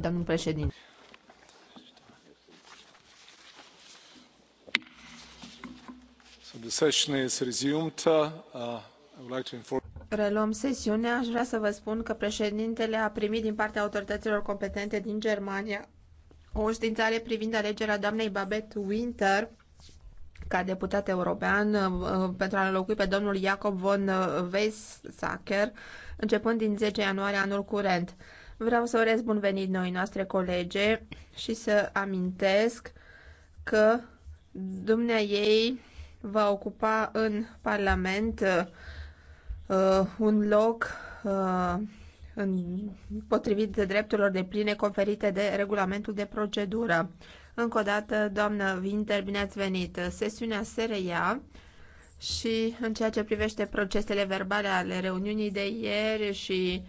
Domnule președinte. Reluăm sesiunea. Aș vrea să vă spun că președintele a primit din partea autorităților competente din Germania o științare privind alegerea doamnei Babette Winter ca deputat european uh, uh, pentru a înlocui pe domnul Jacob von uh, Weissacker, începând din 10 ianuarie anul curent. Vreau să urez bun venit noi noastre colege și să amintesc că dumnea ei va ocupa în Parlament uh, un loc uh, în, potrivit drepturilor de pline conferite de regulamentul de procedură. Încă o dată, doamnă Winter, bine ați venit. Sesiunea se reia și în ceea ce privește procesele verbale ale reuniunii de ieri și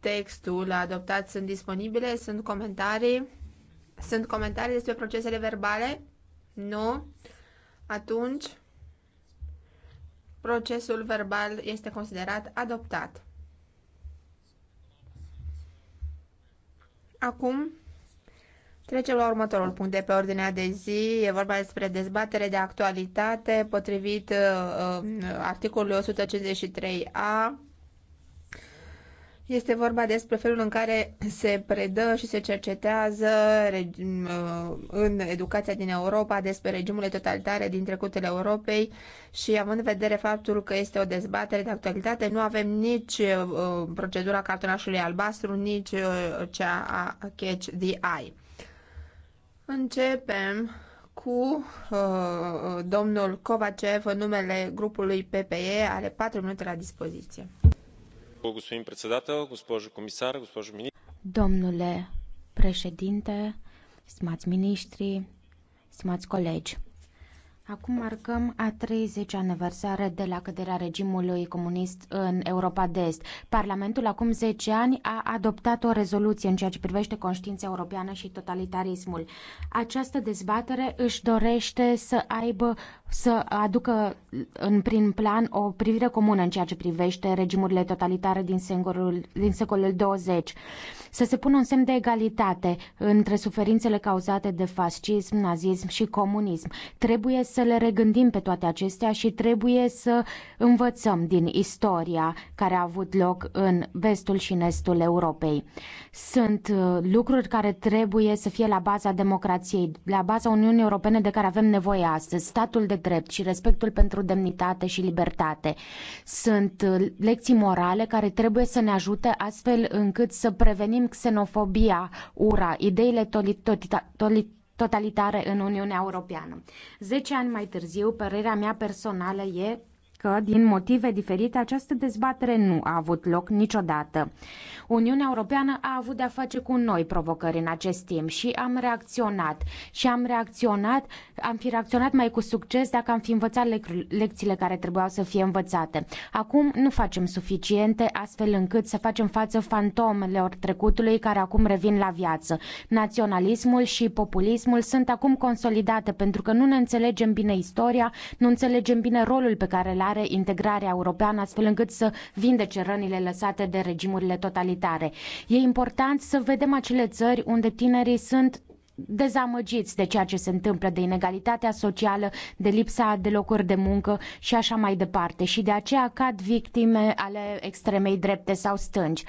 textul adoptat sunt disponibile, sunt comentarii. Sunt comentarii despre procesele verbale? Nu. Atunci, procesul verbal este considerat adoptat. Acum, Trecem la următorul punct de pe ordinea de zi. E vorba despre dezbatere de actualitate potrivit uh, uh articolului 153a. Este vorba despre felul în care se predă și se cercetează uh, în educația din Europa despre regimurile totalitare din trecutul Europei și având în vedere faptul că este o dezbatere de actualitate, nu avem nici uh, procedura cartonașului albastru, nici cea a Catch the Eye. Începem cu uh, domnul Kovacev în numele grupului PPE. Are patru minute la dispoziție. Domnule președinte, stimați miniștri, stimați colegi, Acum marcăm a 30 aniversare de la căderea regimului comunist în Europa de Est. Parlamentul acum 10 ani a adoptat o rezoluție în ceea ce privește conștiința europeană și totalitarismul. Această dezbatere își dorește să aibă să aducă în prim plan o privire comună în ceea ce privește regimurile totalitare din, din secolul 20 să se pună un semn de egalitate între suferințele cauzate de fascism, nazism și comunism. Trebuie să le regândim pe toate acestea și trebuie să învățăm din istoria care a avut loc în vestul și în estul Europei. Sunt uh, lucruri care trebuie să fie la baza democrației, la baza Uniunii Europene de care avem nevoie astăzi, statul de drept și respectul pentru demnitate și libertate. Sunt uh, lecții morale care trebuie să ne ajute astfel încât să prevenim prevenim xenofobia, ura, ideile totalitare în Uniunea Europeană. Zece ani mai târziu, părerea mea personală e că, din motive diferite, această dezbatere nu a avut loc niciodată. Uniunea Europeană a avut de-a face cu noi provocări în acest timp și am reacționat. Și am reacționat, am fi reacționat mai cu succes dacă am fi învățat lec- lecțiile care trebuiau să fie învățate. Acum nu facem suficiente astfel încât să facem față fantomelor trecutului care acum revin la viață. Naționalismul și populismul sunt acum consolidate pentru că nu ne înțelegem bine istoria, nu înțelegem bine rolul pe care l dezvoltare, integrarea europeană, astfel încât să vindece rănile lăsate de regimurile totalitare. E important să vedem acele țări unde tinerii sunt dezamăgiți de ceea ce se întâmplă, de inegalitatea socială, de lipsa de locuri de muncă și așa mai departe. Și de aceea cad victime ale extremei drepte sau stângi.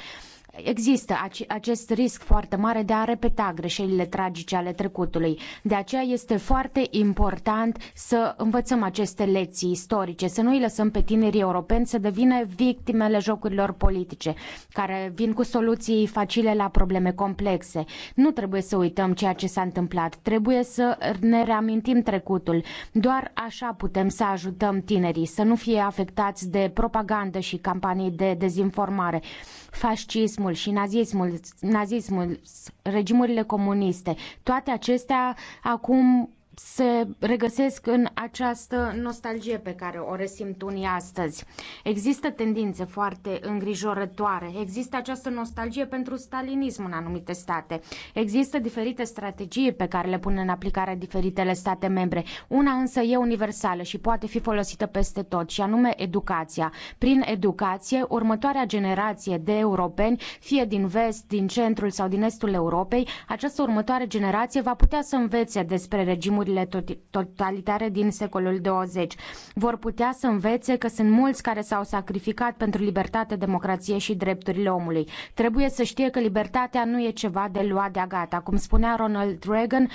Există acest risc foarte mare de a repeta greșelile tragice ale trecutului. De aceea este foarte important să învățăm aceste lecții istorice, să nu îi lăsăm pe tinerii europeni să devină victimele jocurilor politice, care vin cu soluții facile la probleme complexe. Nu trebuie să uităm ceea ce s-a întâmplat, trebuie să ne reamintim trecutul. Doar așa putem să ajutăm tinerii să nu fie afectați de propagandă și campanii de dezinformare fascismul și nazismul, nazismul regimurile comuniste, toate acestea acum se regăsesc în această nostalgie pe care o resimt unii astăzi. Există tendințe foarte îngrijorătoare, există această nostalgie pentru stalinism în anumite state, există diferite strategii pe care le pun în aplicare diferitele state membre. Una însă e universală și poate fi folosită peste tot, și anume educația. Prin educație, următoarea generație de europeni, fie din vest, din centrul sau din estul Europei, această următoare generație va putea să învețe despre regimuri regimurile totalitare din secolul 20. Vor putea să învețe că sunt mulți care s-au sacrificat pentru libertate, democrație și drepturile omului. Trebuie să știe că libertatea nu e ceva de luat de-a gata. Cum spunea Ronald Reagan,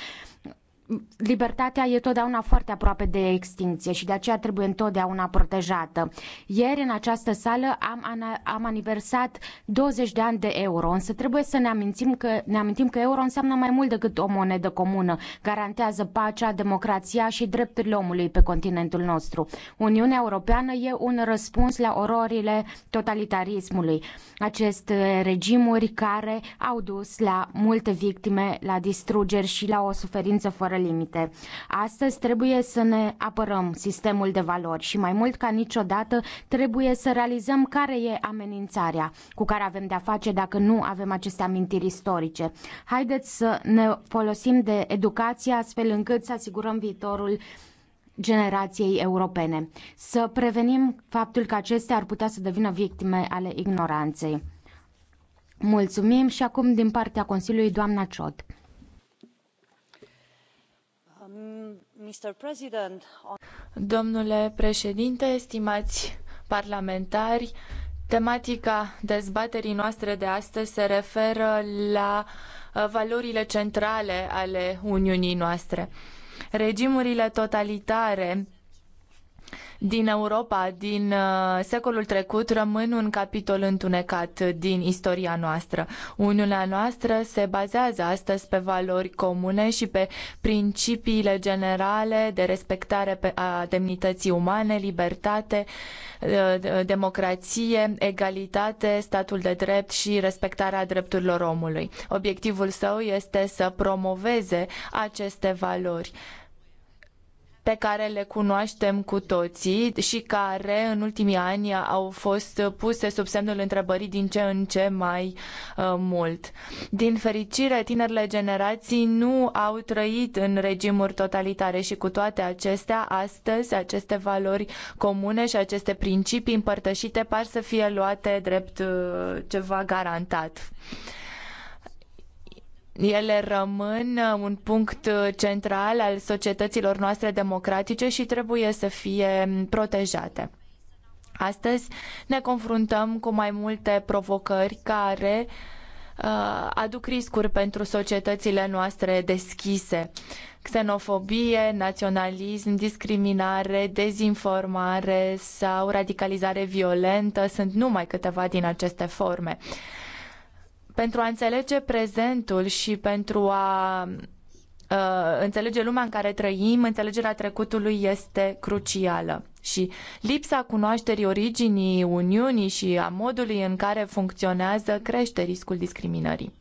libertatea e totdeauna foarte aproape de extinție și de aceea trebuie întotdeauna protejată. Ieri, în această sală, am, am aniversat 20 de ani de euro, însă trebuie să ne amintim, că, ne amintim că euro înseamnă mai mult decât o monedă comună. Garantează pacea, democrația și drepturile omului pe continentul nostru. Uniunea Europeană e un răspuns la ororile totalitarismului. Aceste regimuri care au dus la multe victime, la distrugeri și la o suferință fără limite. Astăzi trebuie să ne apărăm sistemul de valori și mai mult ca niciodată trebuie să realizăm care e amenințarea cu care avem de-a face dacă nu avem aceste amintiri istorice. Haideți să ne folosim de educație astfel încât să asigurăm viitorul generației europene, să prevenim faptul că acestea ar putea să devină victime ale ignoranței. Mulțumim și acum din partea Consiliului doamna Ciot. Domnule președinte, stimați parlamentari, tematica dezbaterii noastre de astăzi se referă la uh, valorile centrale ale Uniunii noastre. Regimurile totalitare din Europa, din uh, secolul trecut, rămân un capitol întunecat din istoria noastră. Uniunea noastră se bazează astăzi pe valori comune și pe principiile generale de respectare a demnității umane, libertate, uh, democrație, egalitate, statul de drept și respectarea drepturilor omului. Obiectivul său este să promoveze aceste valori pe care le cunoaștem cu toții și care în ultimii ani au fost puse sub semnul întrebării din ce în ce mai uh, mult. Din fericire, tinerile generații nu au trăit în regimuri totalitare și cu toate acestea, astăzi aceste valori comune și aceste principii împărtășite par să fie luate drept uh, ceva garantat. Ele rămân uh, un punct uh, central al societăților noastre democratice și trebuie să fie mm, protejate. Astăzi ne confruntăm cu mai multe provocări care uh, aduc riscuri pentru societățile noastre deschise. Xenofobie, naționalism, discriminare, dezinformare sau radicalizare violentă sunt numai câteva din aceste forme. Pentru a înțelege prezentul și pentru a uh, înțelege lumea în care trăim, înțelegerea trecutului este crucială. Și lipsa cunoașterii originii Uniunii și a modului în care funcționează crește riscul discriminării.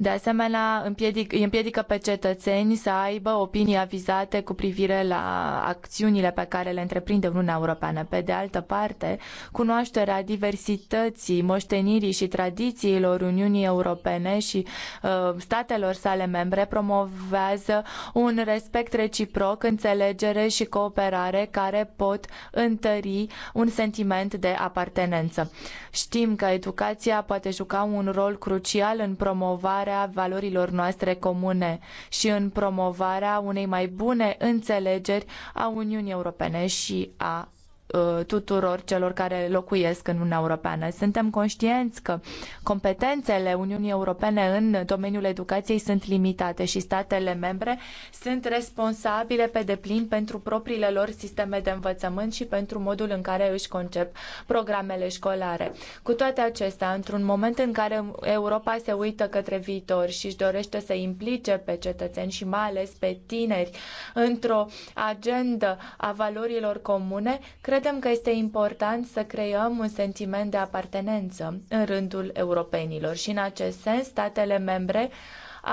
De asemenea, împiedic, îi împiedică pe cetățeni să aibă opinii avizate cu privire la acțiunile pe care le întreprinde Uniunea Europeană. Pe de altă parte, cunoașterea diversității, moștenirii și tradițiilor Uniunii Europene și uh, statelor sale membre promovează un respect reciproc, înțelegere și cooperare care pot întări un sentiment de apartenență. Știm că educația poate juca un rol crucial în promovarea promovarea valorilor noastre comune și în promovarea unei mai bune înțelegeri a Uniunii Europene și a Uh, tuturor celor care locuiesc în Uniunea Europeană. Suntem conștienți că competențele Uniunii Europene în domeniul educației sunt limitate și statele membre sunt responsabile pe deplin pentru propriile lor sisteme de învățământ și pentru modul în care își concep programele școlare. Cu toate acestea, într-un moment în care Europa se uită către viitor și își dorește să implice pe cetățeni și mai ales pe tineri într-o agendă a valorilor comune, cred Credem că este important să creăm un sentiment de apartenență în rândul europenilor și în acest sens statele membre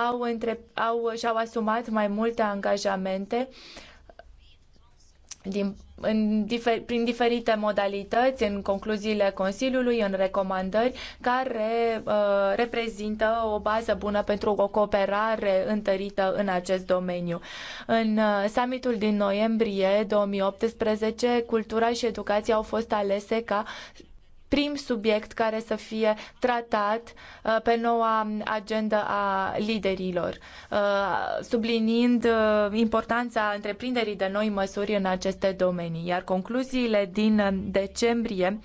au, între, au și-au asumat mai multe angajamente din în difer- prin diferite modalități în concluziile Consiliului, în recomandări, care uh, reprezintă o bază bună pentru o cooperare întărită în acest domeniu. În uh, summitul din noiembrie 2018, cultura și educația au fost alese ca prim subiect care să fie tratat uh, pe noua agenda a liderilor, uh, subliniind uh, importanța întreprinderii de noi măsuri în aceste domenii. Iar concluziile din decembrie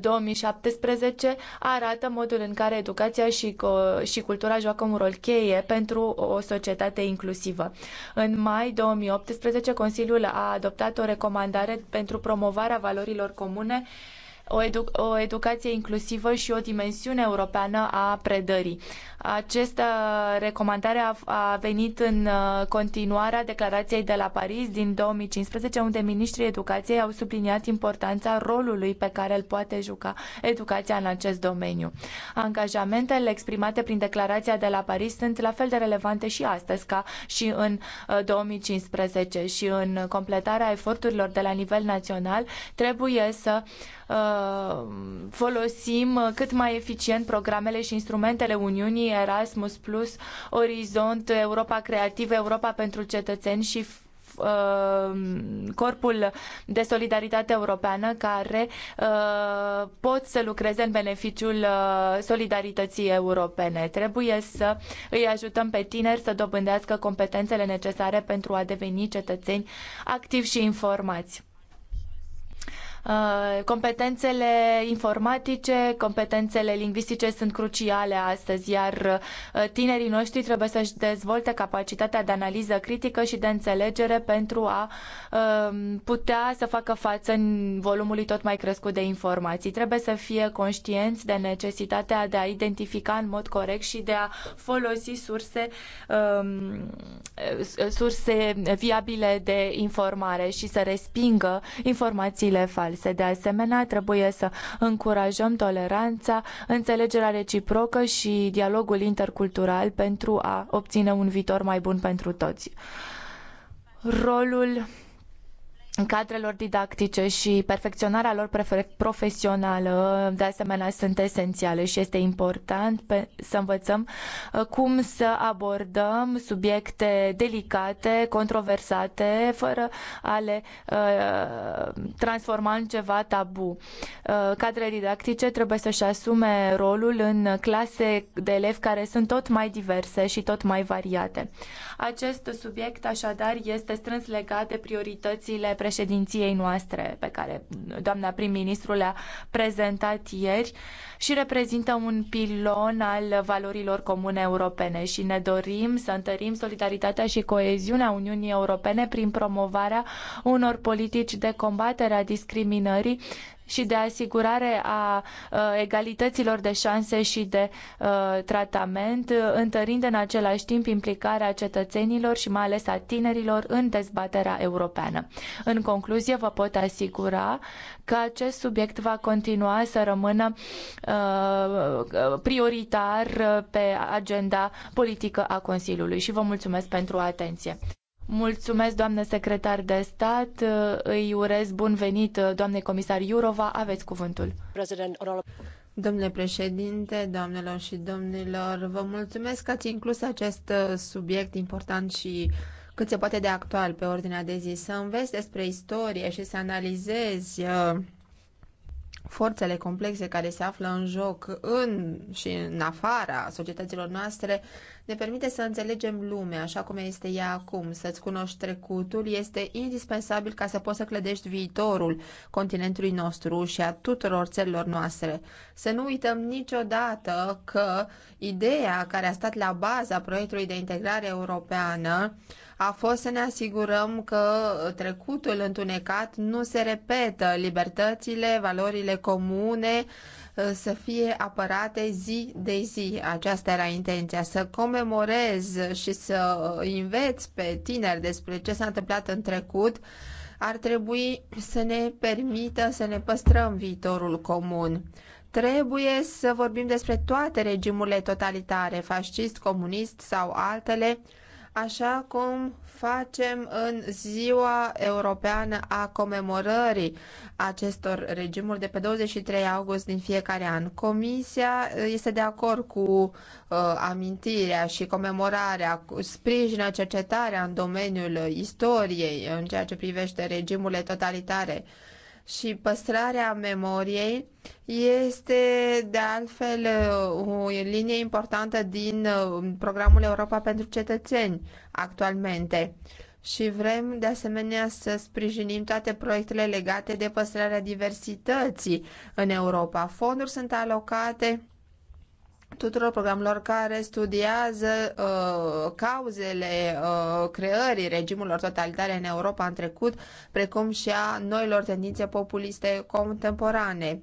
2017 arată modul în care educația și, și cultura joacă un rol cheie pentru o societate inclusivă. În mai 2018, Consiliul a adoptat o recomandare pentru promovarea valorilor comune uh, o, edu- o educație inclusivă și o dimensiune europeană a predării. Această recomandare a, a venit în uh, continuarea declarației de la Paris din 2015, unde ministrii educației au subliniat importanța rolului pe care îl poate juca educația în acest domeniu. Angajamentele exprimate prin declarația de la Paris sunt la fel de relevante și astăzi ca și în 2015 uh, și în completarea eforturilor de la nivel național trebuie să uh, Uh, folosim cât mai eficient programele și instrumentele Uniunii Erasmus Plus, Orizont, Europa Creativă, Europa pentru cetățeni și uh, Corpul de Solidaritate Europeană care uh, pot să lucreze în beneficiul solidarității europene. Trebuie să îi ajutăm pe tineri să dobândească competențele necesare pentru a deveni cetățeni activi și informați. Uh, competențele informatice, competențele lingvistice sunt cruciale astăzi, iar uh, tinerii noștri trebuie să-și dezvolte capacitatea de analiză critică și de înțelegere pentru a um, putea să facă față în volumului tot mai crescut de informații. Trebuie să fie conștienți de necesitatea de a identifica în mod corect și de a folosi surse, um, surse viabile de informare și să respingă informațiile false diverse. De asemenea, trebuie să încurajăm toleranța, înțelegerea reciprocă și dialogul intercultural pentru a obține un viitor mai bun pentru toți. Rolul cadrelor didactice și perfecționarea lor profesională, de asemenea, sunt esențiale și este important să învățăm uh, cum să abordăm subiecte delicate, controversate, fără a le uh, transforma în ceva tabu. Uh, cadrele didactice trebuie să-și asume rolul în clase de elevi care sunt tot mai diverse și tot mai variate. Acest subiect, așadar, este strâns legat de prioritățile președinției noastre pe care doamna prim-ministru le-a prezentat ieri și reprezintă un pilon al valorilor comune europene și ne dorim să întărim solidaritatea și coeziunea Uniunii Europene prin promovarea unor politici de combatere a discriminării și de asigurare a egalităților de șanse și de tratament, întărind în același timp implicarea cetățenilor și mai ales a tinerilor în dezbaterea europeană. În concluzie, vă pot asigura că acest subiect va continua să rămână prioritar pe agenda politică a Consiliului și vă mulțumesc pentru atenție. Mulțumesc, doamnă secretar de stat. Îi urez bun venit, doamne comisar Iurova. Aveți cuvântul. Domnule președinte, doamnelor și domnilor, vă mulțumesc că ați inclus acest subiect important și cât se poate de actual pe ordinea de zi. Să înveți despre istorie și să analizezi uh, forțele complexe care se află în joc în și în afara societăților noastre ne permite să înțelegem lumea așa cum este ea acum, să-ți cunoști trecutul este indispensabil ca să poți să clădești viitorul continentului nostru și a tuturor țărilor noastre. Să nu uităm niciodată că ideea care a stat la baza proiectului de integrare europeană a fost să ne asigurăm că trecutul întunecat nu se repetă, libertățile, valorile comune uh, să fie apărate zi de zi. Aceasta era intenția, să comemorez și să uh, înveți pe tineri despre ce s-a întâmplat în trecut, ar trebui să ne permită să ne păstrăm viitorul comun. Trebuie să vorbim despre toate regimurile totalitare, fascist, comunist sau altele, așa cum facem în ziua europeană a comemorării acestor regimuri de pe 23 august din fiecare an. Comisia uh, este de acord cu uh, amintirea și comemorarea, cu sprijină cercetarea în domeniul istoriei în ceea ce privește regimurile totalitare uh, și păstrarea memoriei este de altfel o linie importantă din uh, programul Europa pentru cetățeni actualmente. Și vrem de asemenea să sprijinim toate proiectele legate de păstrarea diversității în Europa. Fonduri sunt alocate tuturor programelor care studiază uh, cauzele uh, creării regimurilor totalitare în Europa în trecut, precum și a noilor tendințe populiste contemporane.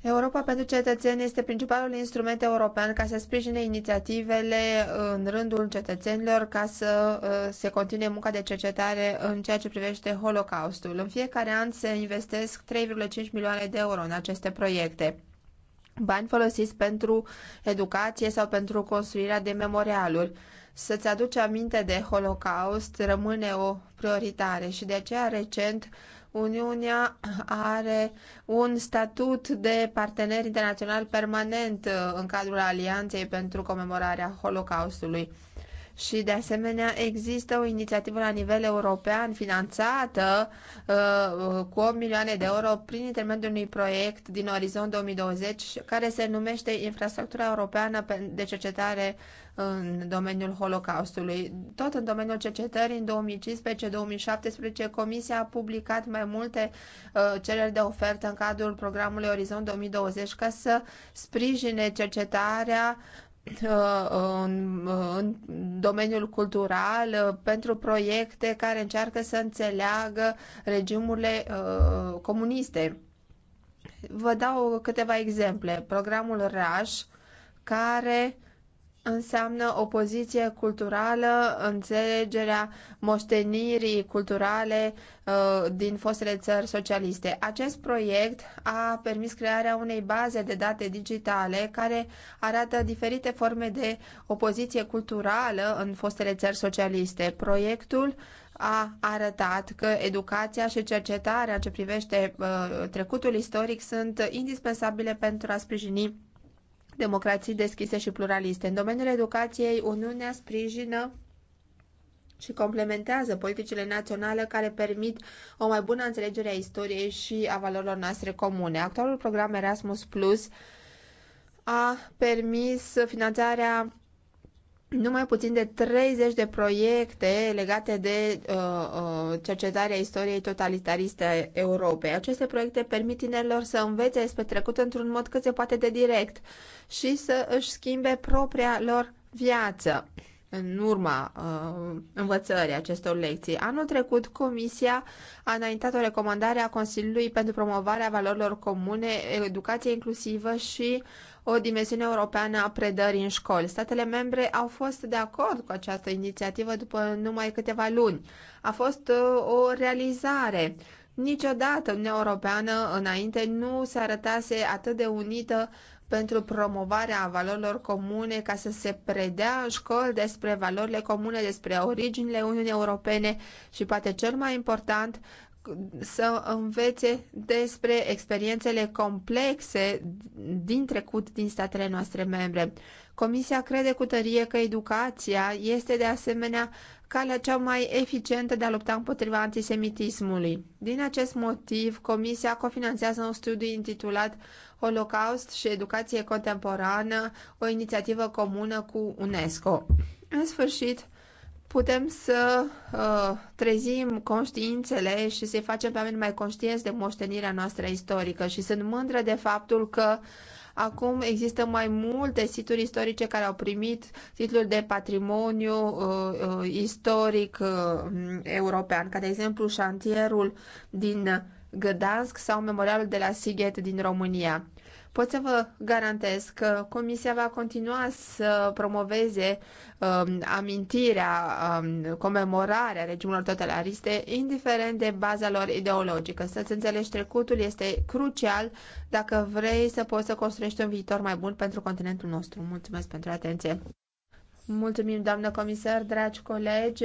Europa pentru cetățeni este principalul instrument european ca să sprijine inițiativele în rândul cetățenilor ca să uh, se continue munca de cercetare în ceea ce privește Holocaustul. În fiecare an se investesc 3,5 milioane de euro în aceste proiecte bani folosiți pentru educație sau pentru construirea de memorialuri. Să-ți aduci aminte de Holocaust rămâne o prioritare și de aceea recent Uniunea are un statut de partener internațional permanent uh, în cadrul Alianței pentru comemorarea Holocaustului și de asemenea există o inițiativă la nivel european finanțată uh, cu 8 milioane de euro prin intermediul unui proiect din orizont 2020 care se numește Infrastructura Europeană de Cercetare în domeniul Holocaustului. Tot în domeniul cercetării, în 2015-2017, Comisia a publicat mai multe uh, cereri de ofertă în cadrul programului Orizont 2020 ca să sprijine cercetarea în, în domeniul cultural uh, pentru proiecte care încearcă să înțeleagă regimurile uh, comuniste. Vă dau câteva exemple. Programul RAS, care înseamnă o poziție culturală, înțelegerea moștenirii culturale uh, din fostele țări socialiste. Acest proiect a permis crearea unei baze de date digitale care arată diferite forme de opoziție culturală în fostele țări socialiste. Proiectul a arătat că educația și cercetarea ce privește uh, trecutul istoric sunt indispensabile pentru a sprijini democrații deschise și pluraliste. În domeniul educației, Uniunea sprijină și complementează politicile naționale care permit o mai bună înțelegere a istoriei și a valorilor noastre comune. Actualul program Erasmus Plus a permis finanțarea numai puțin de 30 de proiecte legate de uh, uh cercetarea istoriei totalitariste a Europei. Aceste proiecte permit tinerilor să învețe despre trecut într-un mod cât se poate de direct și să își schimbe propria lor viață în urma uh, învățării acestor lecții. Anul trecut, Comisia a înaintat o recomandare a Consiliului pentru promovarea valorilor comune, educație inclusivă și o dimensiune europeană a predării în școli. Statele membre au fost de acord cu această inițiativă după numai câteva luni. A fost uh, o realizare. Niciodată Uniunea Europeană înainte nu se arătase atât de unită uh, pentru promovarea valorilor comune, ca să se predea în școli despre valorile comune, despre originile Uniunii Europene și, poate cel mai important, să învețe despre experiențele complexe din trecut din statele noastre membre. Comisia crede cu tărie că educația este de asemenea calea cea mai eficientă de a lupta împotriva antisemitismului. Din acest motiv, Comisia cofinanțează un studiu intitulat Holocaust și Educație Contemporană, o inițiativă comună cu UNESCO. În sfârșit, putem să uh, trezim conștiințele și să-i facem pe oameni mai conștienți de moștenirea noastră istorică și sunt mândră de faptul că uh, Acum există mai multe situri istorice care au primit titlul de patrimoniu uh, uh, istoric uh, european, ca de exemplu șantierul din Gdansk sau memorialul de la Sighet din România. Pot să vă garantez că Comisia va continua să promoveze um, amintirea, um, comemorarea regimurilor totalariste, indiferent de baza lor ideologică. Să-ți înțelegi trecutul este crucial dacă vrei să poți să construiești un viitor mai bun pentru continentul nostru. Mulțumesc pentru atenție! Mulțumim, doamnă comisar, dragi colegi!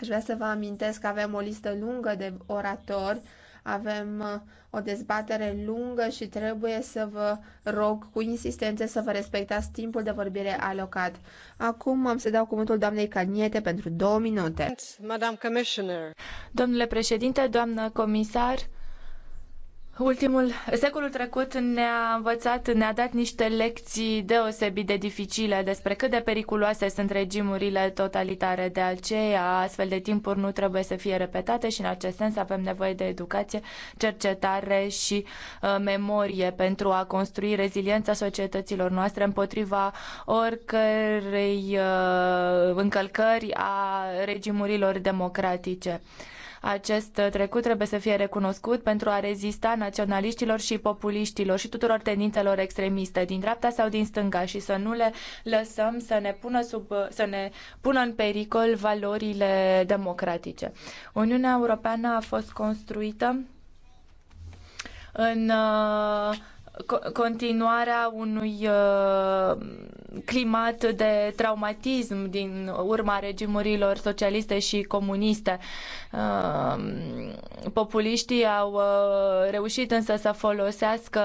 Aș vrea să vă amintesc că avem o listă lungă de oratori avem uh, o dezbatere lungă și trebuie să vă rog cu insistență să vă respectați timpul de vorbire alocat. Acum am să dau cuvântul doamnei Caniete pentru două minute. Domnule președinte, doamnă comisar, Ultimul secolul trecut ne-a învățat, ne-a dat niște lecții deosebit de dificile despre cât de periculoase sunt regimurile totalitare. De aceea, astfel de timpuri nu trebuie să fie repetate și în acest sens avem nevoie de educație, cercetare și uh, memorie pentru a construi reziliența societăților noastre împotriva oricărei uh, încălcări a regimurilor democratice. Acest trecut trebuie să fie recunoscut pentru a rezista naționaliștilor și populiștilor și tuturor tendințelor extremiste din dreapta sau din stânga și să nu le lăsăm să ne pună, sub, să ne pună în pericol valorile democratice. Uniunea Europeană a fost construită în uh, continuarea unui uh, climat de traumatism din urma regimurilor socialiste și comuniste. Uh, populiștii au uh, reușit însă să folosească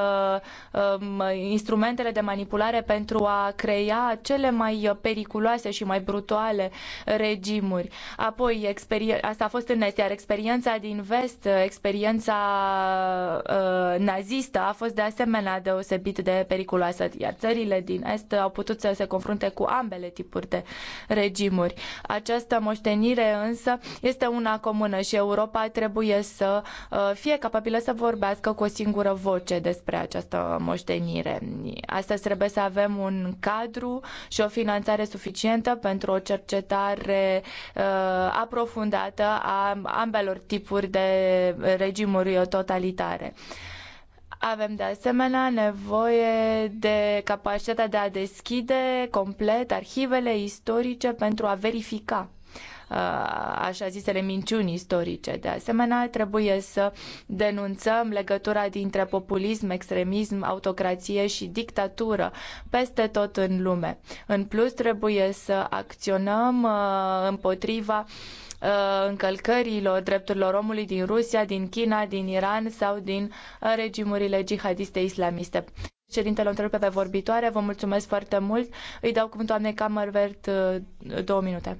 um, instrumentele de manipulare pentru a crea cele mai periculoase și mai brutale regimuri. Apoi, asta a fost în Est, iar experiența din Vest, experiența nazistă a fost de asemenea asemenea deosebit de periculoasă, iar țările din Est au putut să se confrunte cu ambele tipuri de regimuri. Această moștenire însă este una comună și Europa trebuie să uh, fie capabilă să vorbească cu o singură voce despre această moștenire. Astăzi trebuie să avem un cadru și o finanțare suficientă pentru o cercetare uh, aprofundată a ambelor tipuri de regimuri totalitare. Avem de asemenea nevoie de capacitatea de a deschide complet arhivele istorice pentru a verifica uh, așa zisele minciuni istorice. De asemenea, trebuie să denunțăm legătura dintre populism, extremism, autocrație și dictatură peste tot în lume. În plus, trebuie să acționăm uh, împotriva uh, Uh, încălcărilor drepturilor omului din Rusia, din China, din Iran sau din uh, regimurile jihadiste islamiste. Președintele întrerupe pe vorbitoare, vă mulțumesc foarte mult. Îi dau cuvântul doamnei Camervert uh, două minute.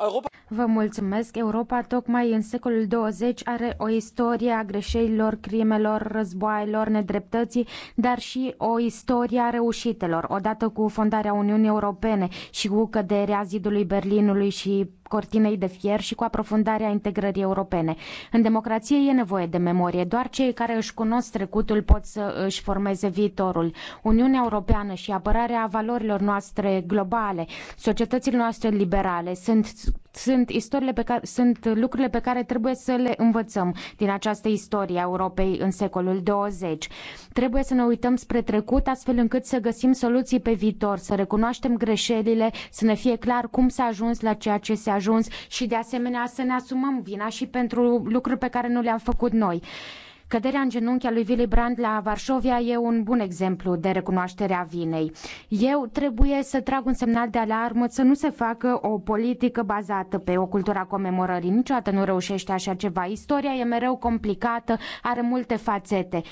Europa... Vă mulțumesc. Europa tocmai în secolul 20 are o istorie a greșelilor, crimelor, războaielor, nedreptății, dar și o istorie a reușitelor, odată cu fondarea Uniunii Europene și cu căderea zidului Berlinului și cortinei de fier și cu aprofundarea integrării europene. În democrație e nevoie de memorie, doar cei care își cunosc trecutul pot să își formeze viitorul. Uniunea Europeană și apărarea valorilor noastre globale, societățile noastre liberale sunt sunt istoriile pe care, sunt lucrurile pe care trebuie să le învățăm din această istorie a Europei în secolul 20. Trebuie să ne uităm spre trecut astfel încât să găsim soluții pe viitor, să recunoaștem greșelile, să ne fie clar cum s-a ajuns la ceea ce s-a ajuns și de asemenea să ne asumăm vina și pentru lucruri pe care nu le-am făcut noi. Căderea în genunchi a lui Willy Brandt la Varșovia e un bun exemplu de recunoaștere a vinei. Eu trebuie să trag un semnal de alarmă să nu se facă o politică bazată pe o cultură a comemorării. Niciodată nu reușește așa ceva. Istoria e mereu complicată, are multe fațete.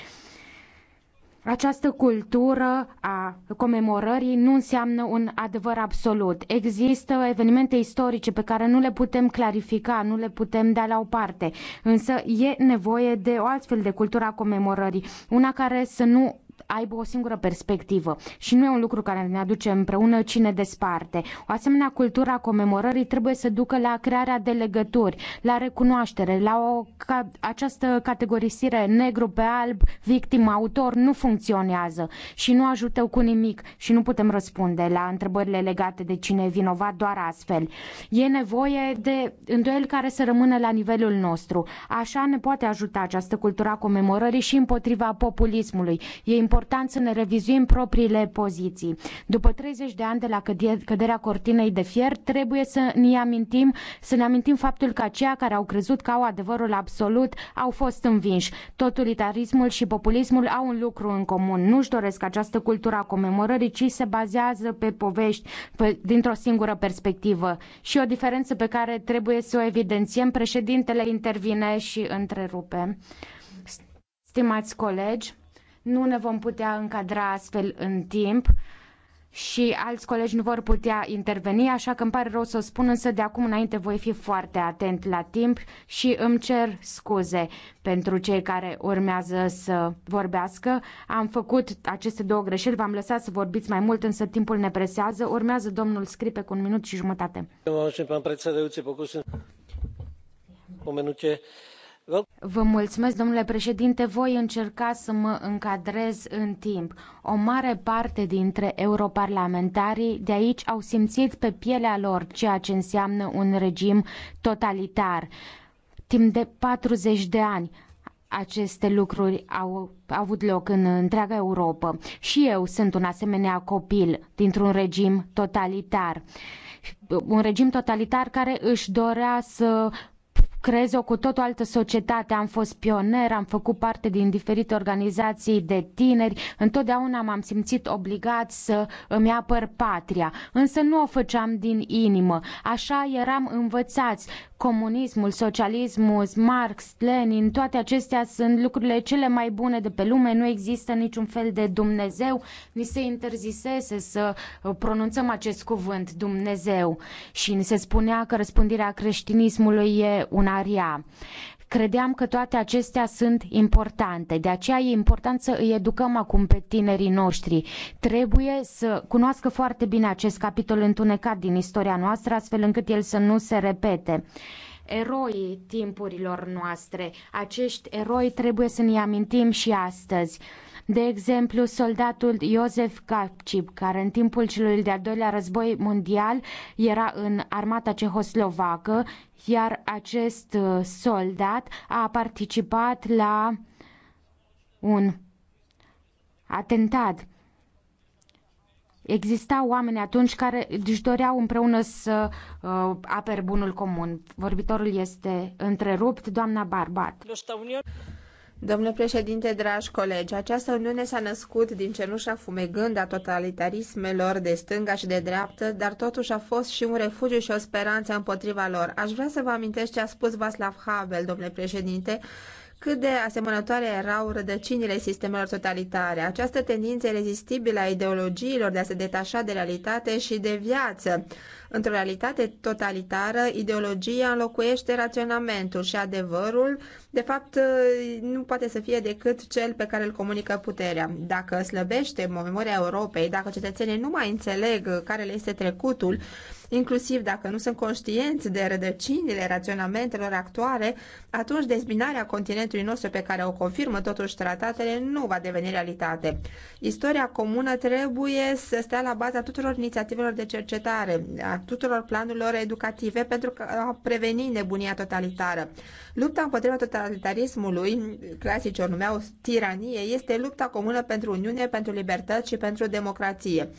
Această cultură a comemorării nu înseamnă un adevăr absolut. Există evenimente istorice pe care nu le putem clarifica, nu le putem da la o parte, însă e nevoie de o altfel de cultură a comemorării, una care să nu aibă o singură perspectivă și nu e un lucru care ne aduce împreună, ci ne desparte. O asemenea cultură a comemorării trebuie să ducă la crearea de legături, la recunoaștere, la o, ca, această categorisire negru pe alb, victim, autor, nu funcționează și nu ajută cu nimic și nu putem răspunde la întrebările legate de cine e vinovat doar astfel. E nevoie de îndoiel care să rămână la nivelul nostru. Așa ne poate ajuta această cultură a comemorării și împotriva populismului. E important important să ne revizuim propriile poziții. După 30 de ani de la căderea cortinei de fier, trebuie să ne amintim, să ne amintim faptul că aceia care au crezut că au adevărul absolut au fost învinși. Totalitarismul și populismul au un lucru în comun. Nu-și doresc această cultură a comemorării, ci se bazează pe povești pe, dintr-o singură perspectivă. Și o diferență pe care trebuie să o evidențiem, președintele intervine și întrerupe. Stimați colegi, nu ne vom putea încadra astfel în timp și alți colegi nu vor putea interveni, așa că îmi pare rău să o spun, însă de acum înainte voi fi foarte atent la timp și îmi cer scuze pentru cei care urmează să vorbească. Am făcut aceste două greșeli, v-am lăsat să vorbiți mai mult, însă timpul ne presează. Urmează domnul Scripe cu un minut și jumătate. Vă mulțumesc, domnule președinte. Voi încerca să mă încadrez în timp. O mare parte dintre europarlamentarii de aici au simțit pe pielea lor ceea ce înseamnă un regim totalitar. Timp de 40 de ani aceste lucruri au, avut loc în întreaga Europa. Și eu sunt un asemenea copil dintr-un regim totalitar. Un regim totalitar care își dorea să creeze o cu totul altă societate. Am fost pioner, am făcut parte din diferite organizații de tineri, întotdeauna m-am simțit obligat să îmi apăr patria, însă nu o făceam din inimă. Așa eram învățați comunismul, socialismul, Marx, Lenin, toate acestea sunt lucrurile cele mai bune de pe lume, nu există niciun fel de Dumnezeu, ni se interzisese să uh, pronunțăm acest cuvânt, Dumnezeu, și ni se spunea că răspândirea creștinismului e un aria. Credeam că toate acestea sunt importante, de aceea e important să îi educăm acum pe tinerii noștri. Trebuie să cunoască foarte bine acest capitol întunecat din istoria noastră, astfel încât el să nu se repete eroii timpurilor noastre. Acești eroi trebuie să ne amintim și astăzi. De exemplu, soldatul Iosef Kapcip, care în timpul celui de-al doilea război mondial era în armata cehoslovacă, iar acest uh, soldat a participat la un atentat Existau oameni atunci care își doreau împreună să uh, apere bunul comun. Vorbitorul este întrerupt, doamna Barbat. Domnule președinte, dragi colegi, această uniune s-a născut din cenușa fumegând a totalitarismelor de stânga și de dreaptă, dar totuși a fost și un refugiu și o speranță împotriva lor. Aș vrea să vă amintesc ce a spus Václav Havel, domnule președinte, cât de asemănătoare erau rădăcinile sistemelor totalitare, această tendință irezistibilă a ideologiilor de a se detașa de realitate și de viață. Într-o realitate totalitară, ideologia înlocuiește raționamentul și adevărul, de fapt, nu poate să fie decât cel pe care îl comunică puterea. Dacă slăbește memoria Europei, dacă cetățenii nu mai înțeleg care le este trecutul, inclusiv dacă nu sunt conștienți de rădăcinile raționamentelor actuale, atunci dezbinarea continentului nostru pe care o confirmă totuși tratatele nu va deveni realitate. Istoria comună trebuie să stea la baza tuturor inițiativelor de cercetare, a tuturor planurilor educative pentru a preveni nebunia totalitară. Lupta împotriva totalitarismului, clasici o numeau tiranie, este lupta comună pentru Uniune, pentru libertăți și pentru democrație.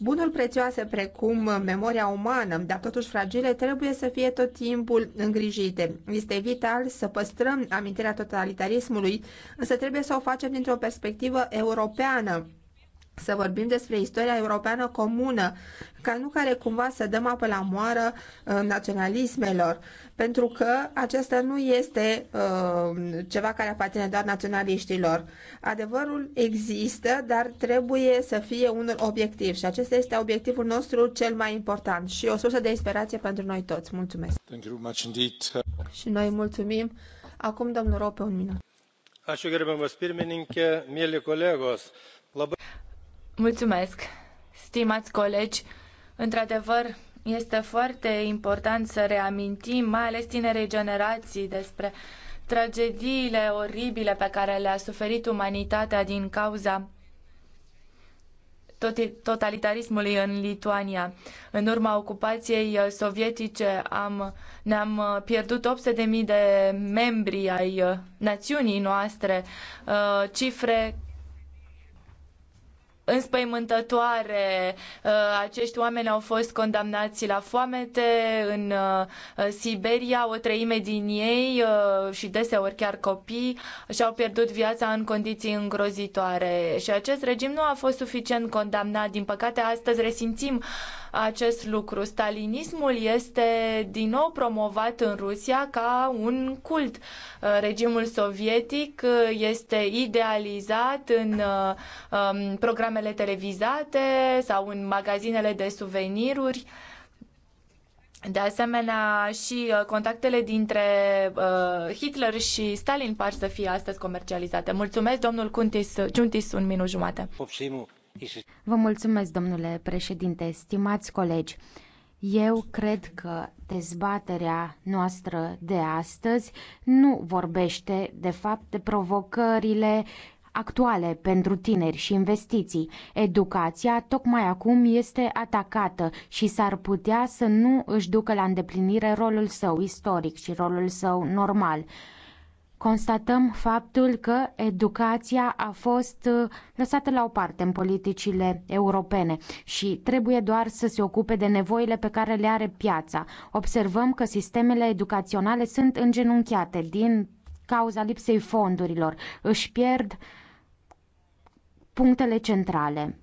Bunuri prețioase precum memoria umană, dar totuși fragile, trebuie să fie tot timpul îngrijite. Este vital să păstrăm amintirea totalitarismului, însă trebuie să o facem dintr-o perspectivă europeană să vorbim despre istoria europeană comună, ca nu care cumva să dăm apă la moară uh, naționalismelor, pentru că acesta nu este uh, ceva care aparține doar naționaliștilor. Adevărul există, dar trebuie să fie unul obiectiv și acesta este obiectivul nostru cel mai important și o sursă de inspirație pentru noi toți. Mulțumesc! Thank you much indeed. Și noi mulțumim. Acum, domnul Rope, un minut. Ačiū gerbiamas pirmininkė, mėly Mulțumesc, stimați colegi. Într-adevăr, este foarte important să reamintim, mai ales tinerei generații, despre tragediile oribile pe care le-a suferit umanitatea din cauza totalitarismului în Lituania. În urma ocupației uh, sovietice am, ne-am uh, pierdut 800.000 de membri ai uh, națiunii noastre, cifre înspăimântătoare. Uh, acești oameni au fost condamnați la foamete în uh, Siberia, o treime din ei uh, și deseori chiar copii și-au pierdut viața în condiții îngrozitoare. Și acest regim nu a fost suficient condamnat. Din păcate, astăzi resimțim acest lucru. Stalinismul este din nou promovat în Rusia ca un cult. Uh, regimul sovietic uh, este idealizat în uh, um, programele televizate sau în magazinele de suveniruri. De asemenea, și contactele dintre Hitler și Stalin par să fie astăzi comercializate. Mulțumesc, domnul Cuntis, Ciuntis, un minut jumate. Vă mulțumesc, domnule președinte, stimați colegi. Eu cred că dezbaterea noastră de astăzi nu vorbește, de fapt, de provocările actuale pentru tineri și investiții. Educația tocmai acum este atacată și s-ar putea să nu își ducă la îndeplinire rolul său istoric și rolul său normal constatăm faptul că educația a fost uh, lăsată la o parte în politicile europene și trebuie doar să se ocupe de nevoile pe care le are piața. Observăm că sistemele educaționale sunt îngenunchiate din cauza lipsei fondurilor. Își pierd punctele centrale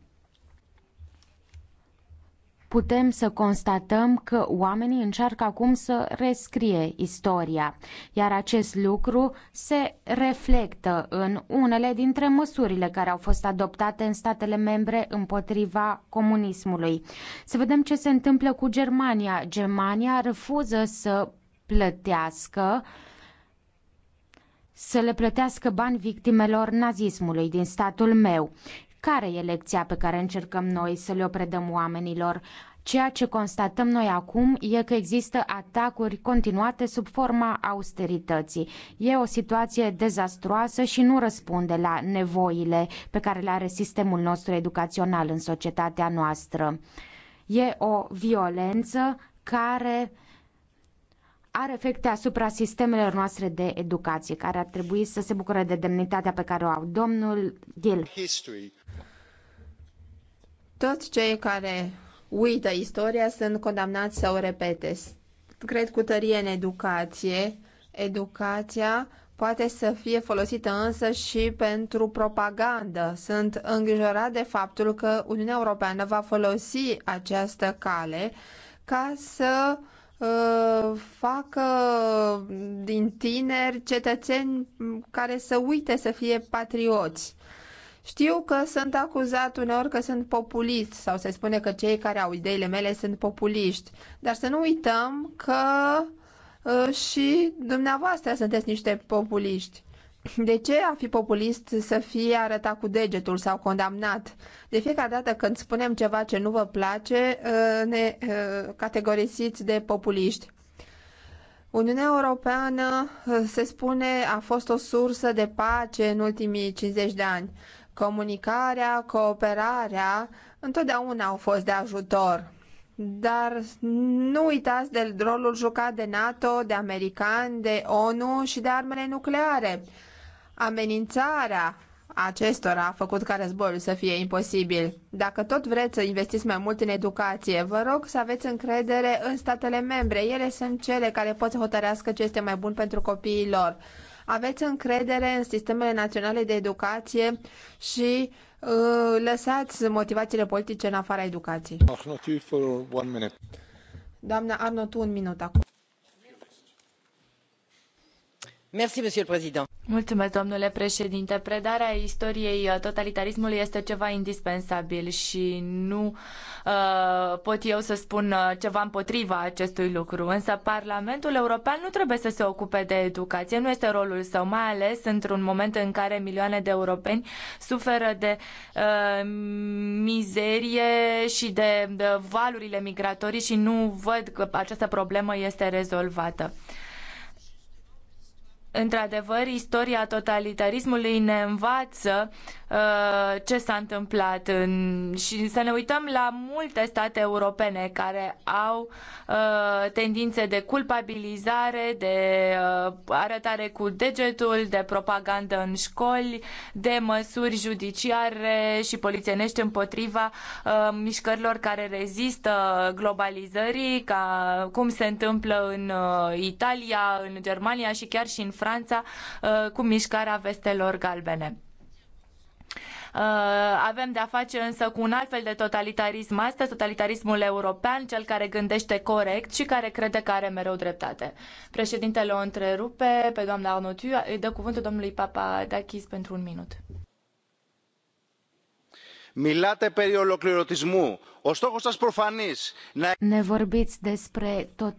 putem să constatăm că oamenii încearcă acum să rescrie istoria, iar acest lucru se reflectă în unele dintre măsurile care au fost adoptate în statele membre împotriva comunismului. Să vedem ce se întâmplă cu Germania. Germania refuză să plătească să le plătească bani victimelor nazismului din statul meu. Care e lecția pe care încercăm noi să le-o predăm oamenilor? Ceea ce constatăm noi acum e că există atacuri continuate sub forma austerității. E o situație dezastruoasă și nu răspunde la nevoile pe care le are sistemul nostru educațional în societatea noastră. E o violență care are efecte asupra sistemelor noastre de educație, care ar trebui să se bucure de demnitatea pe care o au. Domnul Gil. History. Toți cei care uită istoria sunt condamnați să o repete. Cred cu tărie în educație. Educația poate să fie folosită însă și pentru propagandă. Sunt îngrijorat de faptul că Uniunea Europeană va folosi această cale ca să uh, Uh, facă din tineri cetățeni care să uite să fie patrioți. Știu că sunt acuzat uneori că sunt populist sau se spune că cei care au ideile mele sunt populiști, dar să nu uităm că uh, și dumneavoastră sunteți niște populiști. De ce a fi populist să fie arătat cu degetul sau condamnat? De fiecare dată când spunem ceva ce nu vă place, uh, ne uh, categorisiți de populiști. Uniunea Europeană, uh, se spune, a fost o sursă de pace în ultimii 50 de ani. Comunicarea, cooperarea, întotdeauna au fost de ajutor. Dar nu uitați de rolul jucat de NATO, de americani, de ONU și de armele nucleare. Amenințarea acestora a făcut ca războiul să fie imposibil. Dacă tot vreți să investiți mai mult în educație, vă rog să aveți încredere în statele membre. Ele sunt cele care pot să hotărească ce este mai bun pentru copiii lor. Aveți încredere în sistemele naționale de educație și uh, lăsați motivațiile politice în afara educației. Doamna Arnotu, un minut acum. Mulțumesc, domnule președinte. Predarea istoriei uh, totalitarismului este ceva indispensabil și nu uh, pot eu să spun uh, ceva împotriva acestui lucru. Însă Parlamentul European nu trebuie să se ocupe de educație, nu este rolul său, mai ales într-un moment în care milioane de europeni suferă de mizerie și de, valurile migratorii și nu văd că această problemă este rezolvată. Într-adevăr, istoria totalitarismului ne învață Uh, ce s-a întâmplat în, și să ne uităm la multe state europene care au uh, tendințe de culpabilizare, de uh, arătare cu degetul, de propagandă în școli, de măsuri judiciare și polițienești împotriva mișcărilor care rezistă globalizării, ca cum se întâmplă în Italia, în Germania și chiar și în Franța cu mișcarea vestelor galbene. Uh, avem de-a face însă cu un alt fel de totalitarism astăzi, totalitarismul european, cel care gândește corect și care crede că are mereu dreptate. Președintele o întrerupe pe doamna Arnotu, îi dă cuvântul domnului Papa Dachis pentru un minut. Μιλάτε περί ολοκληρωτισμού. Ο Ne vorbiți despre tot